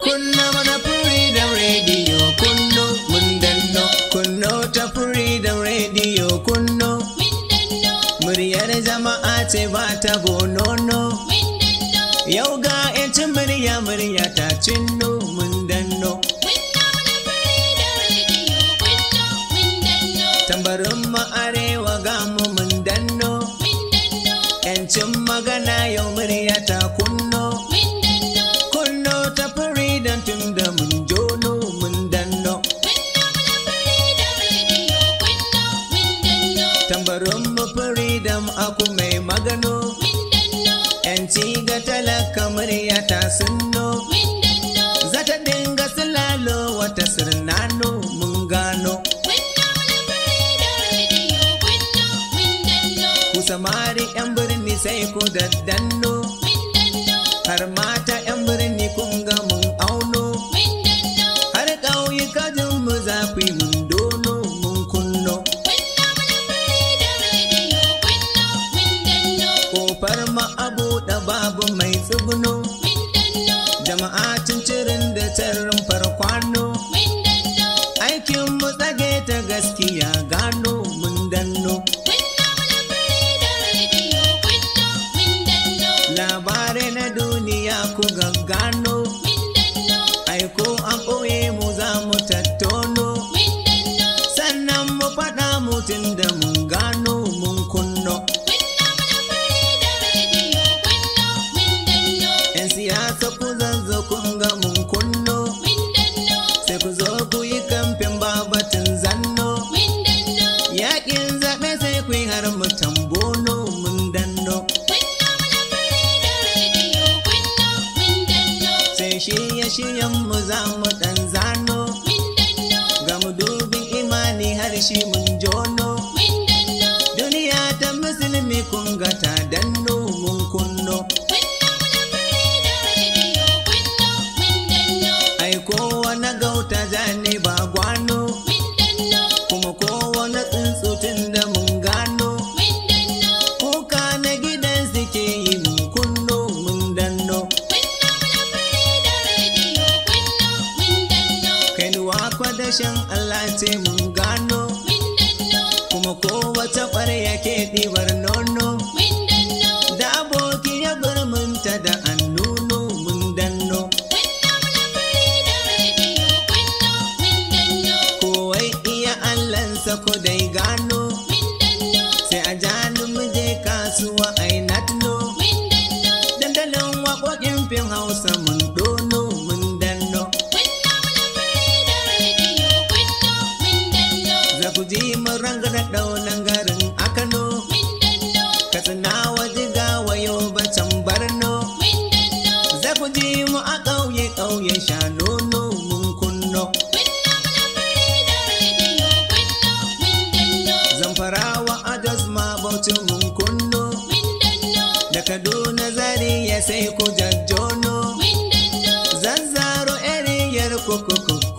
Kunna mana Freedom Radio kunno mun danno. Kunno ta Freedom Radio kunno. Muryar jama'a ce ba ta bonono. Yau ga ita murya murya ta cinno mun danno. Tambarin mu arewa ga mu mun danno. 'Yancin magana yau murya ta kunno. ta sunno zata dinga sulalo wata sirnano mun gano kusa mari yan birni sai ku daddanno har mata yan birni jama'a shirya shiryen mu za mu ɗan zano ga mu dubi imani har shi mun jono duniya ta musulmi kun ga danno mun kunno ai kowa na gauta zane ba gwano harshen Allah ce mun gano kuma ko wata ƙwarya ke ɗibar nono da aboki ya gurminta da annuno mun danno kowai iya Allahnsa ko dai gano sai a jani mu je kasuwa ainatno dandalin waƙoƙin fin hausa ku ji mu a ƙauye ƙauye sha nono mun kunno. Zamfarawa a Josma Bauchi mun kunno. Da Kaduna zari ya sai ku jajjono. Zanzaro eriyar kukuku.